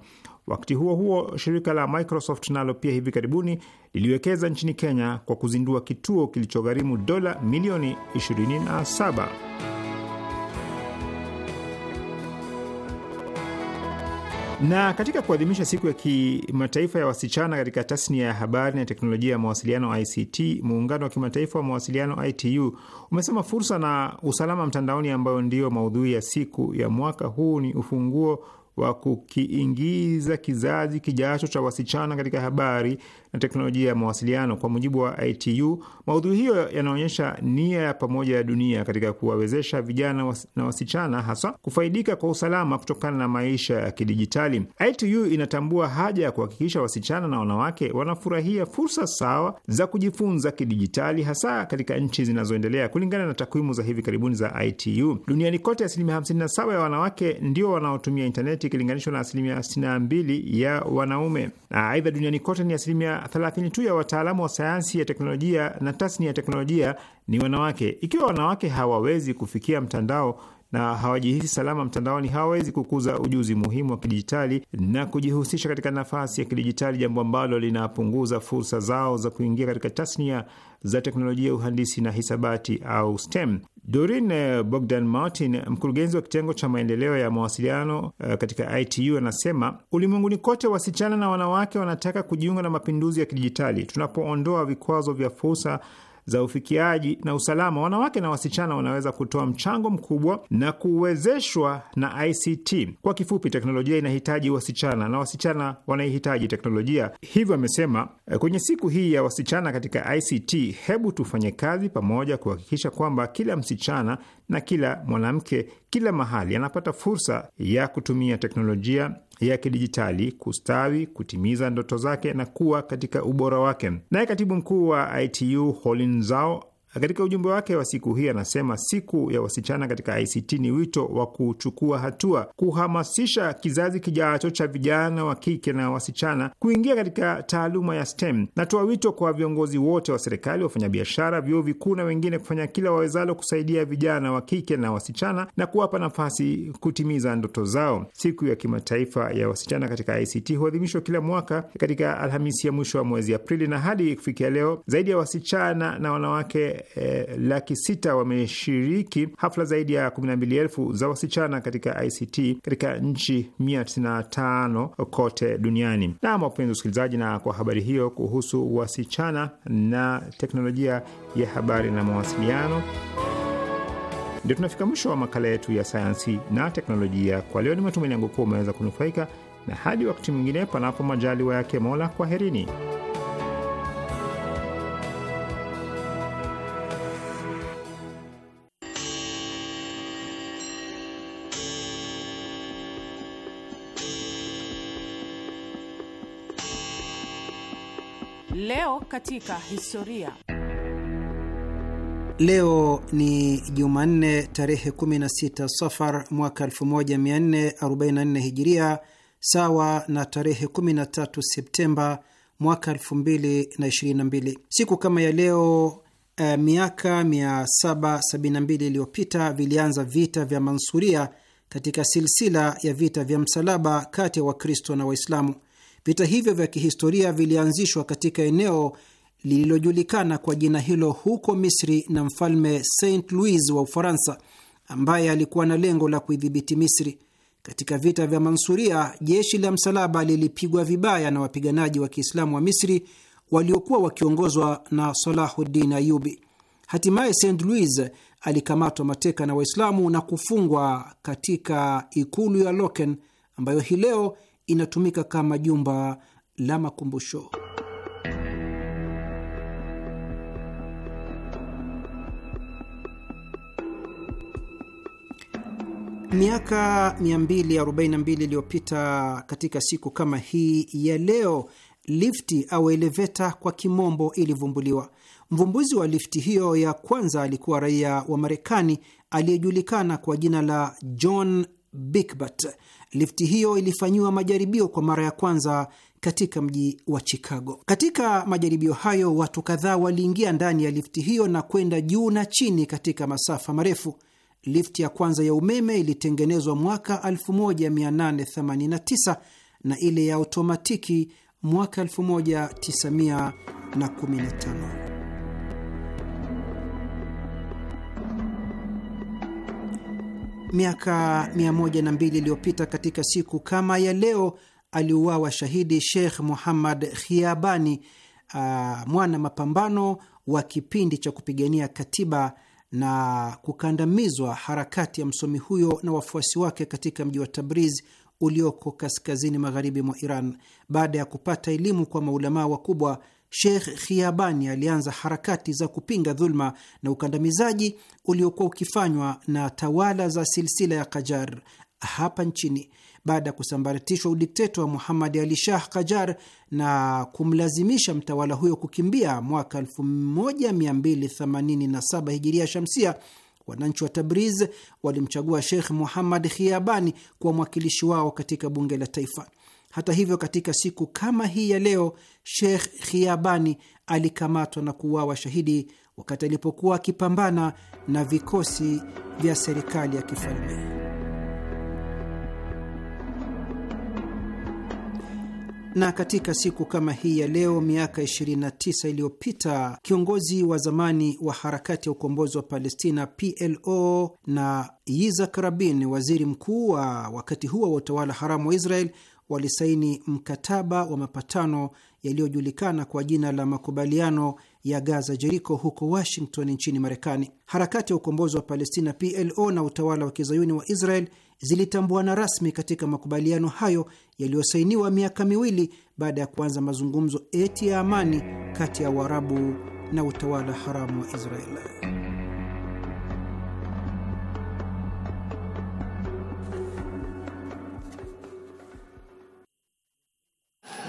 Wakati huo huo, shirika la Microsoft nalo pia hivi karibuni liliwekeza nchini Kenya kwa kuzindua kituo kilichogharimu dola milioni 27. Na katika kuadhimisha siku ya kimataifa ya wasichana katika tasnia ya habari na teknolojia ya mawasiliano ICT, muungano wa kimataifa wa mawasiliano ITU umesema fursa na usalama mtandaoni, ambayo ndiyo maudhui ya siku ya mwaka huu, ni ufunguo wa kukiingiza kizazi kijacho cha wasichana katika habari na teknolojia ya mawasiliano. Kwa mujibu wa ITU, maudhui hiyo yanaonyesha nia ya pamoja ya dunia katika kuwawezesha vijana na wasichana hasa kufaidika kwa usalama kutokana na maisha ya kidijitali. ITU inatambua haja ya kuhakikisha wasichana na wanawake wanafurahia fursa sawa za kujifunza kidijitali, hasa katika nchi zinazoendelea. Kulingana na takwimu za hivi karibuni za ITU, duniani kote asilimia 57 ya wanawake ndio wanaotumia intaneti ikilinganishwa na asilimia 62 ya wanaume. Aidha, duniani kote ni asilimia 30 tu ya wataalamu wa sayansi ya teknolojia na tasnia ya teknolojia ni wanawake. Ikiwa wanawake hawawezi kufikia mtandao na hawajihisi salama mtandaoni, hawawezi kukuza ujuzi muhimu wa kidijitali na kujihusisha katika nafasi ya kidijitali, jambo ambalo linapunguza fursa zao za kuingia katika tasnia za teknolojia, uhandisi na hisabati au STEM dorin eh, Bogdan Martin, mkurugenzi wa kitengo cha maendeleo ya mawasiliano eh, katika ITU, anasema ulimwenguni kote wasichana na wanawake wanataka kujiunga na mapinduzi ya kidijitali. Tunapoondoa vikwazo vya fursa za ufikiaji na usalama, wanawake na wasichana wanaweza kutoa mchango mkubwa na kuwezeshwa na ICT. Kwa kifupi, teknolojia inahitaji wasichana na wasichana wanaihitaji teknolojia. Hivyo amesema eh, kwenye siku hii ya wasichana katika ICT, hebu tufanye kazi pamoja kuhakikisha kwamba kila msichana na kila mwanamke kila mahali anapata fursa ya kutumia teknolojia ya kidijitali, kustawi, kutimiza ndoto zake na kuwa katika ubora wake. Naye katibu mkuu wa ITU Holinzao katika ujumbe wake wa siku hii anasema siku ya wasichana katika ICT ni wito wa kuchukua hatua, kuhamasisha kizazi kijacho cha vijana wa kike na wasichana kuingia katika taaluma ya STEM. Natoa wito kwa viongozi wote wa serikali, wafanyabiashara, vyuo vikuu na wengine kufanya kila wawezalo kusaidia vijana wa kike na wasichana na kuwapa nafasi kutimiza ndoto zao. Siku ya kimataifa ya wasichana katika ICT huadhimishwa kila mwaka katika Alhamisi ya mwisho wa mwezi Aprili, na hadi kufikia leo zaidi ya wasichana na wanawake Eh, laki sita wameshiriki hafla zaidi ya kumi na mbili elfu za wasichana katika ICT katika nchi mia tisini na tano kote duniani. Naam, wapenzi wasikilizaji, na kwa habari hiyo kuhusu wasichana na teknolojia ya habari na mawasiliano ndio tunafika mwisho wa makala yetu ya sayansi na teknolojia kwa leo. Ni matumaini yangu kuwa umeweza kunufaika, na hadi wakati mwingine, panapo majaliwa yake Mola, kwaherini. Leo katika historia. Leo ni Jumanne tarehe 16 Safar mwaka 1444 Hijiria, sawa na tarehe 13 Septemba mwaka 2022. Siku kama ya leo eh, miaka 772 iliyopita vilianza vita vya Mansuria katika silsila ya vita vya msalaba kati ya Wakristo na Waislamu. Vita hivyo vya kihistoria vilianzishwa katika eneo lililojulikana kwa jina hilo huko Misri na mfalme Saint Louis wa Ufaransa, ambaye alikuwa na lengo la kuidhibiti Misri. Katika vita vya Mansuria, jeshi la msalaba lilipigwa vibaya na wapiganaji wa Kiislamu wa Misri waliokuwa wakiongozwa na Salahuddin Ayubi. Hatimaye St Louis alikamatwa mateka na Waislamu na kufungwa katika ikulu ya Loken ambayo hii leo inatumika kama jumba la makumbusho. Miaka 242 iliyopita katika siku kama hii ya leo, lifti au eleveta kwa kimombo ilivumbuliwa. Mvumbuzi wa lifti hiyo ya kwanza alikuwa raia wa Marekani aliyejulikana kwa jina la John Bikbat. Lifti hiyo ilifanyiwa majaribio kwa mara ya kwanza katika mji wa Chicago. Katika majaribio hayo, watu kadhaa waliingia ndani ya lifti hiyo na kwenda juu na chini katika masafa marefu. Lifti ya kwanza ya umeme ilitengenezwa mwaka 1889 na ile ya otomatiki mwaka 1915. miaka 102 iliyopita katika siku kama ya leo aliuawa shahidi Sheikh Muhammad Khiabani, uh, mwana mapambano wa kipindi cha kupigania katiba na kukandamizwa harakati ya msomi huyo na wafuasi wake katika mji wa Tabriz ulioko kaskazini magharibi mwa Iran. Baada ya kupata elimu kwa maulamaa wakubwa Sheikh Khiabani alianza harakati za kupinga dhuluma na ukandamizaji uliokuwa ukifanywa na tawala za silsila ya Kajar hapa nchini baada ya kusambaratishwa udikteta wa Muhammad Ali Shah Kajar na kumlazimisha mtawala huyo kukimbia mwaka 1287 hijiria shamsia. Wananchi wa Tabriz walimchagua Sheikh Muhammad Khiabani kuwa mwakilishi wao katika bunge la taifa. Hata hivyo, katika siku kama hii ya leo, Sheikh Khiabani alikamatwa na kuuawa shahidi wakati alipokuwa akipambana na vikosi vya serikali ya kifalme. Na katika siku kama hii ya leo miaka 29 iliyopita kiongozi wa zamani wa harakati ya ukombozi wa Palestina PLO na Yitzhak Rabin, waziri mkuu wa wakati huo wa utawala haramu wa Israel, walisaini mkataba wa mapatano yaliyojulikana kwa jina la makubaliano ya Gaza Jeriko huko Washington nchini Marekani. Harakati ya ukombozi wa Palestina PLO na utawala wa kizayuni wa Israel zilitambuana rasmi katika makubaliano hayo yaliyosainiwa miaka miwili baada ya kuanza mazungumzo eti ya amani kati ya Waarabu na utawala haramu wa Israel.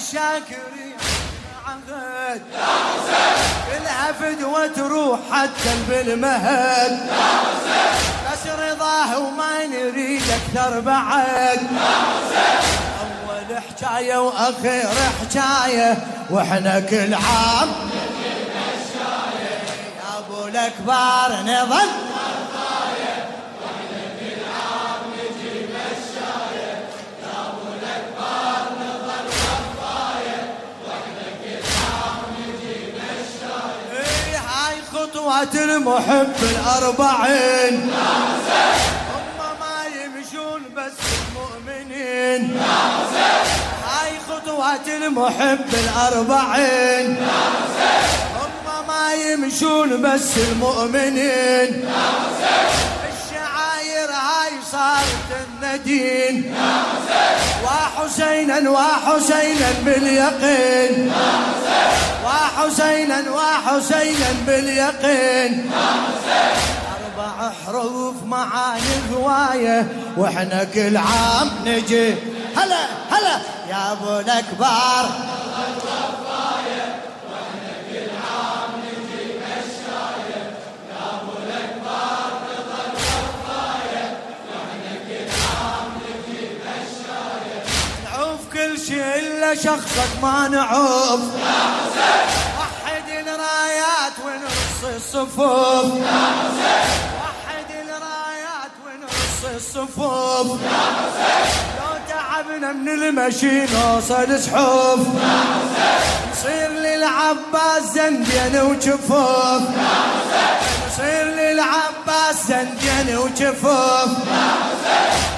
الشاكر عهد يا حسين لها فدوة روح حتى بالمهد يا حسين بس رضاه وما نريد اكثر بعد يا حسين اول حكاية واخير حكاية واحنا كل عام يا ابو الاكبار نظل صوت المحب الأربعين هم ما يمشون بس المؤمنين هاي خطوات المحب الأربعين هم ما يمشون بس المؤمنين الشعاير هاي صارت محمدين يا حسين وحسينا وحسينا باليقين يا حسين وحسينا وحسينا باليقين يا حسين أربع حروف معاني هواية وإحنا كل عام نجي هلا هلا يا أبو الأكبر إلا شخصك ما نعوف يا حسين وحد الرايات ونص الصفوف يا حسين وحد الرايات ونص الصفوف يا حسين لو تعبنا من المشي نوصل سحوف يا حسين نصير للعباس زندين وجفوف يا حسين نصير للعباس زندين وجفوف يا حسين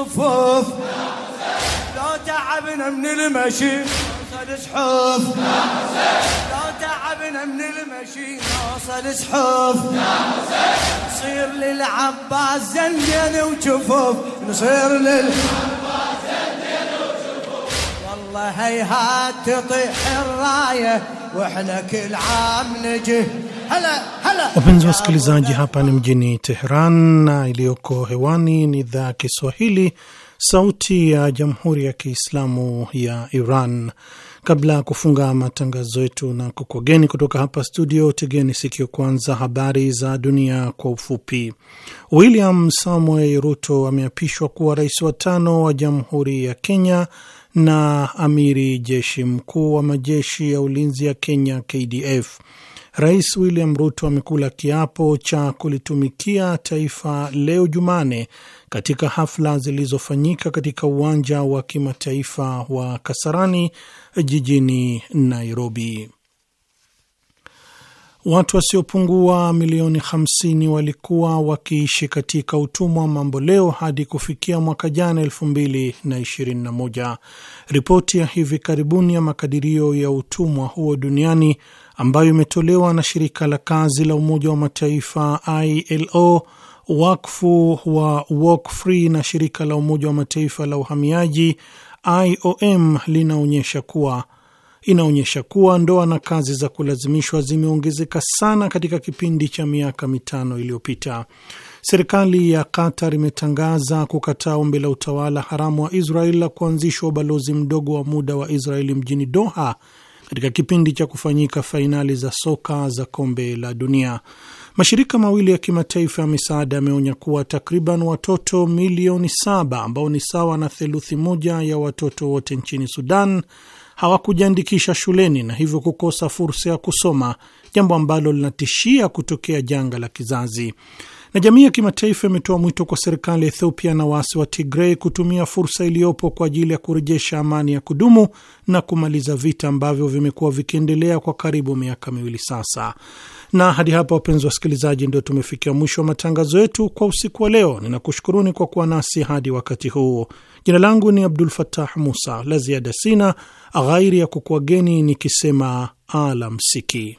الصفوف لو تعبنا من المشي نوصل سحوف لو تعبنا من المشي نوصل سحوف نصير للعباس زندين وجفوف نصير للعباس زندين وجفوف والله هيهات تطيح الرايه واحنا كل عام نجي Wapenzi wa wasikilizaji, hapa ni mjini Teheran na iliyoko hewani ni idhaa ya Kiswahili, Sauti ya Jamhuri ya Kiislamu ya Iran. Kabla ya kufunga matangazo yetu na kukwageni kutoka hapa studio, tegeni sikio kwanza habari za dunia kwa ufupi. William Samuel Ruto ameapishwa kuwa rais wa tano wa Jamhuri ya Kenya na amiri jeshi mkuu wa majeshi ya ulinzi ya Kenya, KDF. Rais William Ruto amekula kiapo cha kulitumikia taifa leo Jumane katika hafla zilizofanyika katika uwanja wa kimataifa wa Kasarani jijini Nairobi. Watu wasiopungua milioni 50 walikuwa wakiishi katika utumwa mamboleo hadi kufikia mwaka jana 2021. Ripoti ya hivi karibuni ya makadirio ya utumwa huo duniani ambayo imetolewa na shirika la kazi la Umoja wa Mataifa ILO, wakfu wa Walk Free na shirika la Umoja wa Mataifa la uhamiaji IOM linaonyesha kuwa inaonyesha kuwa ndoa na kazi za kulazimishwa zimeongezeka sana katika kipindi cha miaka mitano iliyopita. Serikali ya Qatar imetangaza kukataa ombi la utawala haramu wa Israel la kuanzishwa ubalozi mdogo wa muda wa Israeli mjini Doha katika kipindi cha kufanyika fainali za soka za kombe la dunia, mashirika mawili ya kimataifa ya misaada yameonya kuwa takriban watoto milioni saba ambao ni sawa na theluthi moja ya watoto wote nchini Sudan hawakujiandikisha shuleni na hivyo kukosa fursa ya kusoma, jambo ambalo linatishia kutokea janga la kizazi. Na jamii ya kimataifa imetoa mwito kwa serikali ya Ethiopia na waasi wa Tigrei kutumia fursa iliyopo kwa ajili ya kurejesha amani ya kudumu na kumaliza vita ambavyo vimekuwa vikiendelea kwa karibu miaka miwili sasa. Na hadi hapa, wapenzi wa wasikilizaji, ndio tumefikia mwisho wa matangazo yetu kwa usiku wa leo. Ninakushukuruni kwa kuwa nasi hadi wakati huu. Jina langu ni Abdul Fatah Musa. La ziada sina, ghairi ya kukuageni nikisema alamsiki.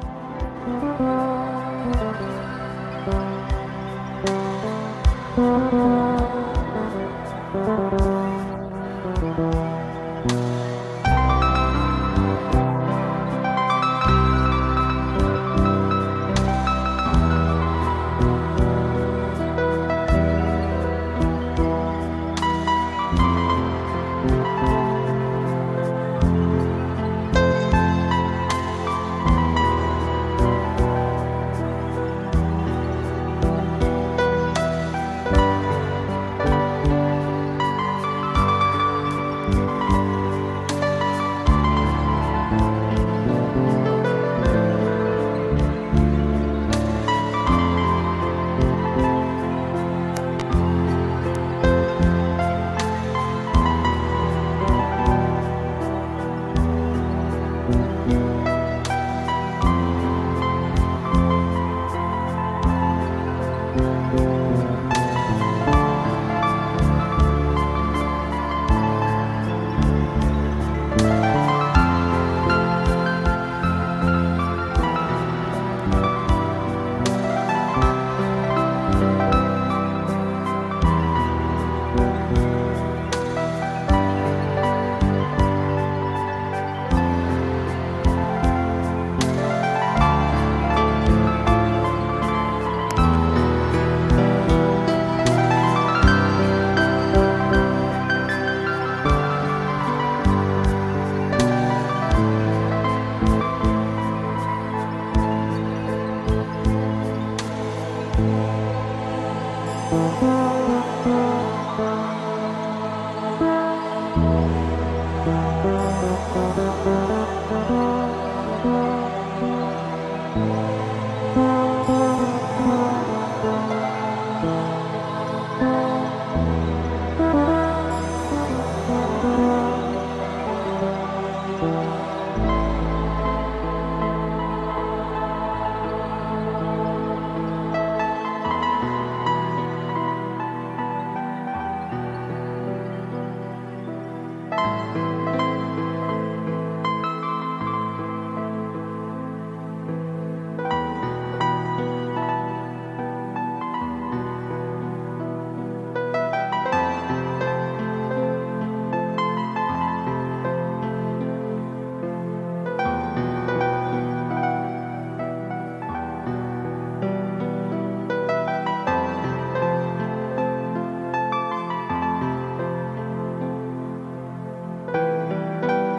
you.